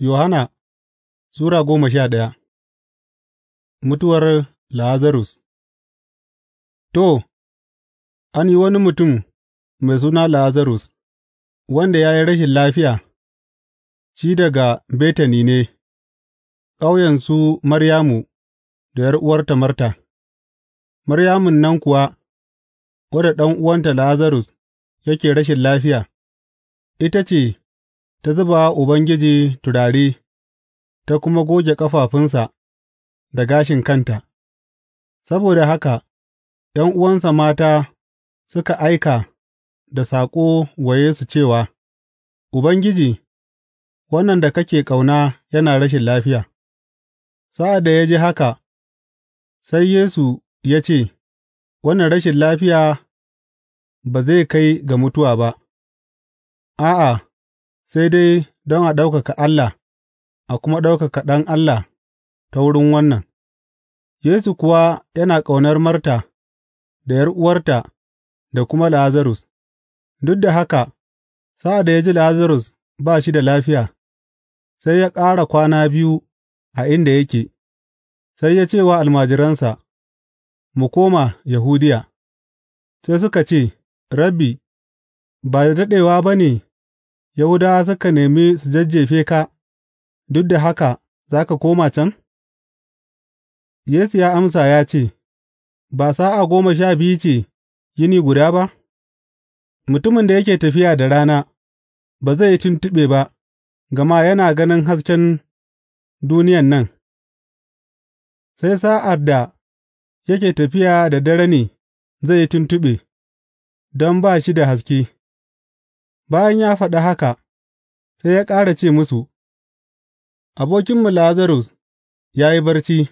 Yohana Sura goma sha daya Mutuwar Lazarus To, an yi wani mutum mai suna Lazarus, wanda ya yi rashin lafiya, shi daga Betani ne, ƙauyen su Maryamu da ’yar'uwarta Marta, Maryamun nan kuwa, wadda ɗan'uwanta Lazarus yake rashin lafiya, ita ce. ta zuba wa Ubangiji turare ta kuma goge ƙafafunsa da gashin kanta, saboda haka 'yan uwansa mata suka aika da saƙo wa Yesu cewa, Ubangiji, wannan da kake ƙauna yana rashin lafiya. Sa'ad da ya ji haka, sai Yesu ya ce, Wannan rashin lafiya ba zai kai ga mutuwa ba, a'a, sai dai don a ɗaukaka Allah a kuma ɗaukaka Ɗan Allah ta wurin wannan, Yesu kuwa yana ƙaunar Marta da ’yar'uwarta da kuma Lazarus, duk da haka, sa'ad da ya ji Lazarus ba shi da lafiya, sai ya ƙara kwana biyu a inda yake, sai ya ce wa almajiransa, Mu koma Yahudiya, sai suka ce, Rabbi, ba da daɗewa ba ne Yahudawa suka nemi su jajjefe ka, duk da haka za ka koma can? Yesu ya amsa ya ce, Ba sa'a goma sha biyu ce yini guda ba, mutumin da yake tafiya da rana ba zai yi tuntuɓe ba, gama yana ganin hasken duniyan nan, sai sa'ad da yake tafiya da dare ne zai yi tuntuɓe, don ba shi da haske. Bayan ya faɗa haka, sai ya ƙara ce musu, Abokinmu Lazarus ya yi barci,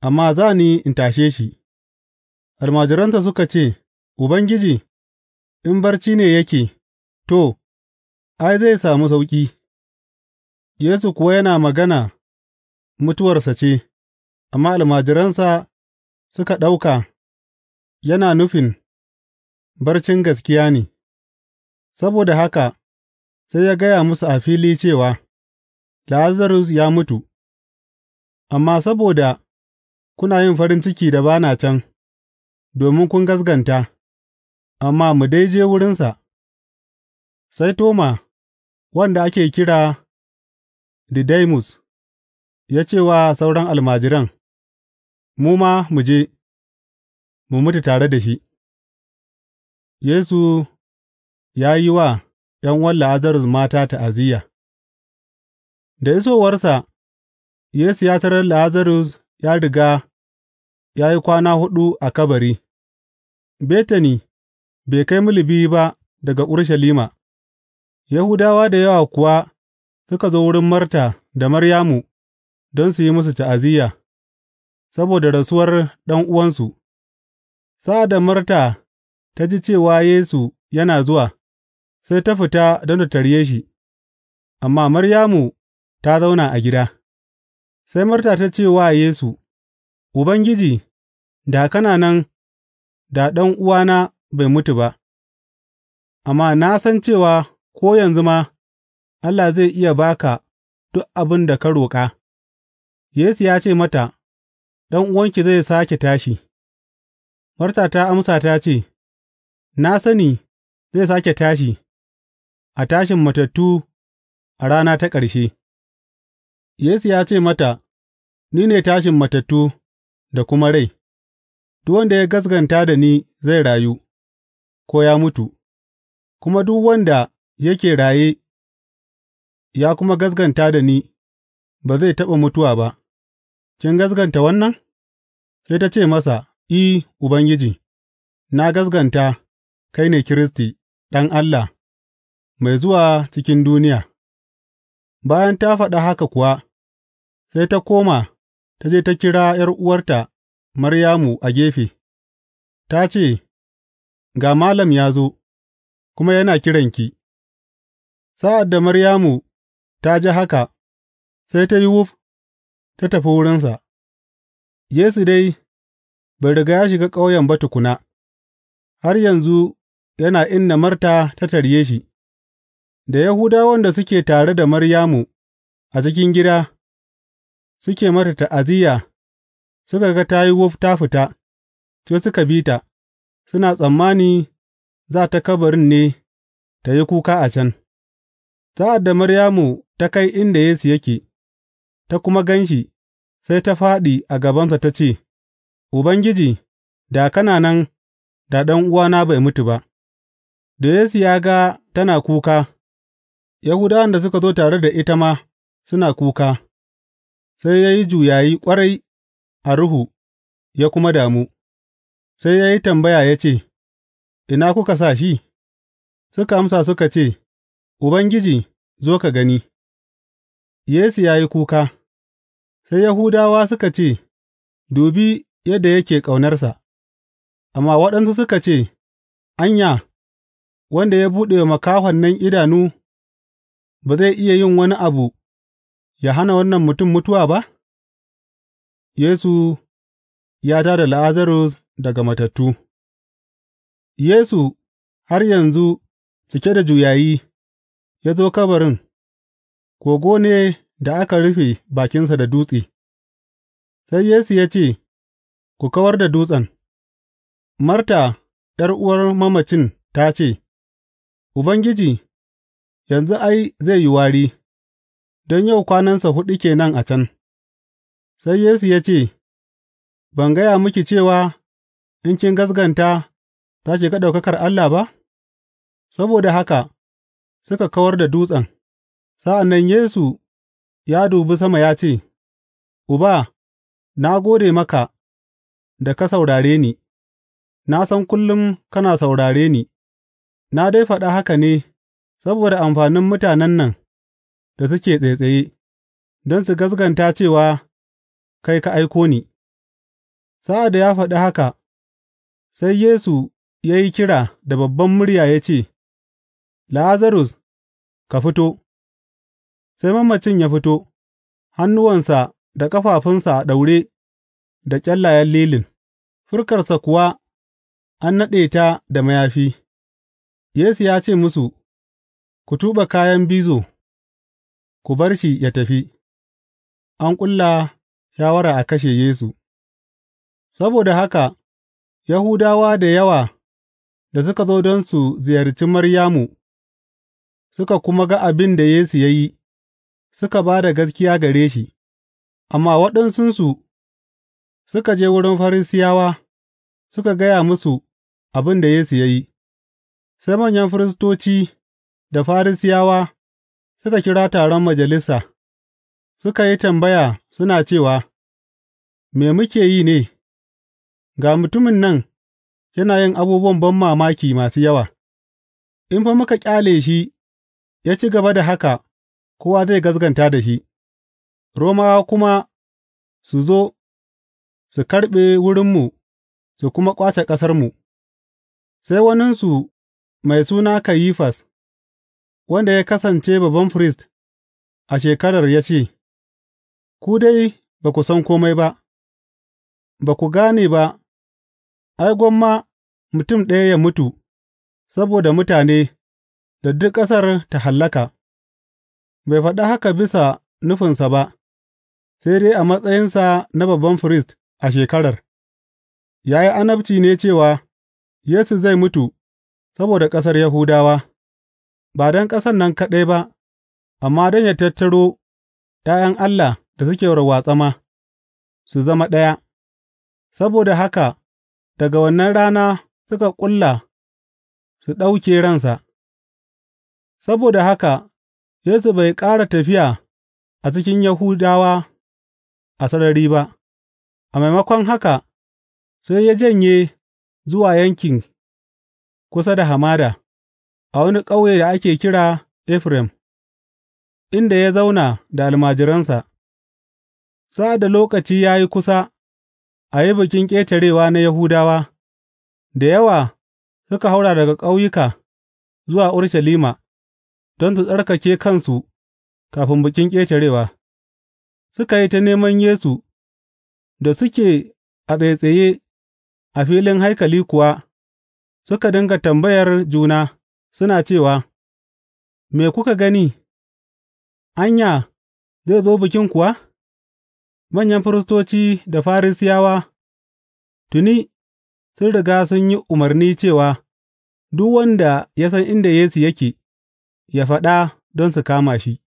amma za ni in tashe shi, almajiransa suka ce, Ubangiji, in barci ne yake, to, ai, zai samu sauƙi, Yesu kuwa yana magana mutuwarsa ce, amma almajiransa suka ɗauka yana nufin barcin gaskiya ne. Saboda haka sai ya gaya musu a fili cewa, Lazarus ya mutu, amma saboda kuna yin farin ciki da ba na can, domin kun gaskanta, amma mu dai je wurinsa, sai Toma, wanda ake kira Didaimus, ya ce wa sauran almajiran, Mu ma mu je, mu mutu tare da shi. Yesu ya yi wa ’yan'uwan Lazarus mata ta'aziyya Da isowarsa, Yesu ya tarar Lazarus ya riga ya yi kwana huɗu a kabari, Betani bai kai mil ba daga Urushalima, Yahudawa da yawa kuwa suka zo wurin Marta da Maryamu don su yi musu ta'aziyya saboda rasuwar uwansu. sa'ad da Marta ta ji cewa Yesu yana zuwa. Sai ta fita don ta tarye shi, amma Maryamu ta zauna a gida. Sai Marta ta ce wa Yesu, Ubangiji, da kana nan, da uwana bai mutu ba, amma na san cewa ko yanzu ma Allah zai iya baka duk abin da ka roƙa. Yesu ya ce mata, uwanki zai sake tashi. Marta ta amsa ta ce, Na sani zai sake tashi. A tashin matattu a rana ta ƙarshe Yesu ya ce mata, Ni ne tashin matattu da kuma rai, duk wanda ya gaskanta da ni zai rayu, ko ya mutu, kuma duk wanda yake raye ya kuma gaskanta da ni ba zai taɓa mutuwa ba, kin gaskanta wannan? Sai ta ce masa, I, Ubangiji, na gaskanta, kai ne Kiristi, Ɗan Allah. mai zuwa cikin duniya Bayan ta faɗa haka kuwa, sai ta koma ta je ta kira ’yar'uwarta Maryamu a gefe, ta ce, Ga Malam ya zo, kuma yana kiranki. Sa'ad da Maryamu ta ji haka, sai ta yi wuf ta tafi wurinsa. Yesu dai bai riga ya shiga ƙauyen ba tukuna, har yanzu yana inda Marta ta tarye shi. Da Yahudawan da suke tare da Maryamu a cikin gida suke mata ta'aziyya suka ga ta yi wuf ta fita, sai suka bi ta, suna tsammani za ta kabarin ne ta yi kuka a can, sa'ad da Maryamu ta kai inda Yesu yake, ta kuma gan shi, sai ta fāɗi a gabansa ta ce, Ubangiji, da kana nan, da ɗan'uwana bai mutu ba, da Yesu ya ga tana kuka, Yahudawan da suka zo tare da ita ma suna kuka, sai ya yi juyayi ƙwarai a ruhu ya kuma damu, sai ya yi tambaya ya ce, Ina kuka sa shi? Suka amsa suka ce, Ubangiji, zo ka gani. Yesu ya yi kuka, sai Yahudawa suka ce, Dubi yadda yake ƙaunarsa, amma waɗansu suka ce, Anya, wanda ya buɗe wa makahon nan idanu. ba zai iya yin wani abu ya hana wannan mutum mutuwa ba? Yesu ya tā da Lazarus daga matattu Yesu har yanzu cike da juyayi ya zo kabarin, kogo ne da aka rufe bakinsa da dutse, sai Yesu ya ce, Ku kawar da dutsen, Marta, uwar mamacin ta ce, Ubangiji, yanzu ai, zai yi wari, don yau kwanansa huɗu ke nan a can.’ Sai Yesu ya ce, Ban gaya miki cewa in kin gaskanta ta shiga ɗaukakar Allah ba? Saboda haka suka kawar da dutsen, sa'an nan Yesu ya dubi sama ya ce, Uba, na gode maka da ka saurare ni, na san kullum kana saurare ni, na dai faɗa haka ne Saboda amfanin mutanen nan da suke tsaitsaye, don su gaskata cewa kai ka aiko ni, sa'ad da ya faɗi haka, sai Yesu ya yi kira da babban murya ya ce, Lazarus, ka fito! Sai mamacin ya fito, hannuwansa da ƙafafunsa a ɗaure da ƙyallayen lilin, fuskarsa kuwa an naɗe ta da mayafi, Yesu ya ce musu. Ku tuɓe kayan bizo ku bar shi yă tafi, an ƙulla shawara a kashe Yesu Saboda haka Yahudawa da yawa da suka zo don su ziyarci Maryamu suka kuma ga abin da Yesu ya yi, suka ba da gaskiya gare shi, amma waɗansunsu suka je wurin Farisiyawa suka gaya musu abin da Yesu ya yi, sai manyan firistoci. da Farisiyawa suka kira taron Majalisa, suka yi tambaya suna cewa, Me muke yi ne, ga mutumin nan yana yin abubuwan ban mamaki masu yawa, in fa muka ƙyale shi ya ci gaba da haka, kowa zai gazganta da shi, Romawa kuma su zo su karɓe wurinmu su kuma ƙwace ƙasarmu. Sai waninsu mai suna Kayifas. wanda ya kasance babban firist a shekarar ya ce, Ku dai ba ku san kome ba, ba ku gane ba, ai, gwamma mutum ɗaya ya mutu saboda mutane da duk ƙasar ta hallaka, bai faɗa haka bisa nufinsa ba, sai dai a matsayinsa na babban firist a shekarar, ya yi annabci ne cewa Yesu zai mutu saboda ƙasar Yahudawa. Ba don ƙasan nan kaɗai ba, amma don yă tattaro ’ya'yan Allah da suke warwatse ma, su zama ɗaya, saboda haka daga wannan rana suka ƙulla su ɗauke ransa, saboda haka Yesu bai ƙara tafiya a cikin Yahudawa a sarari ba, a maimakon haka sai ya janye zuwa yankin kusa da hamada. a wani ƙauye da ake kira Efraim, inda ya zauna da almajiransa, sa'ad da lokaci ya yi kusa a yi Bikin Ƙetarewa na Yahudawa, da yawa suka haura daga ƙauyuka zuwa Urshalima don su tsarkake kansu kafin Bikin Ƙetarewa, suka yi ta neman Yesu da suke a tsaitsaye a filin haikali kuwa suka dinga tambayar juna. Suna cewa, Me kuka gani, anya, zai zo bikin kuwa, manyan firistoci da Farisiyawa tuni sun riga sun yi umarni cewa duk wanda ya san inda Yesu yake, ya faɗa don su kama shi.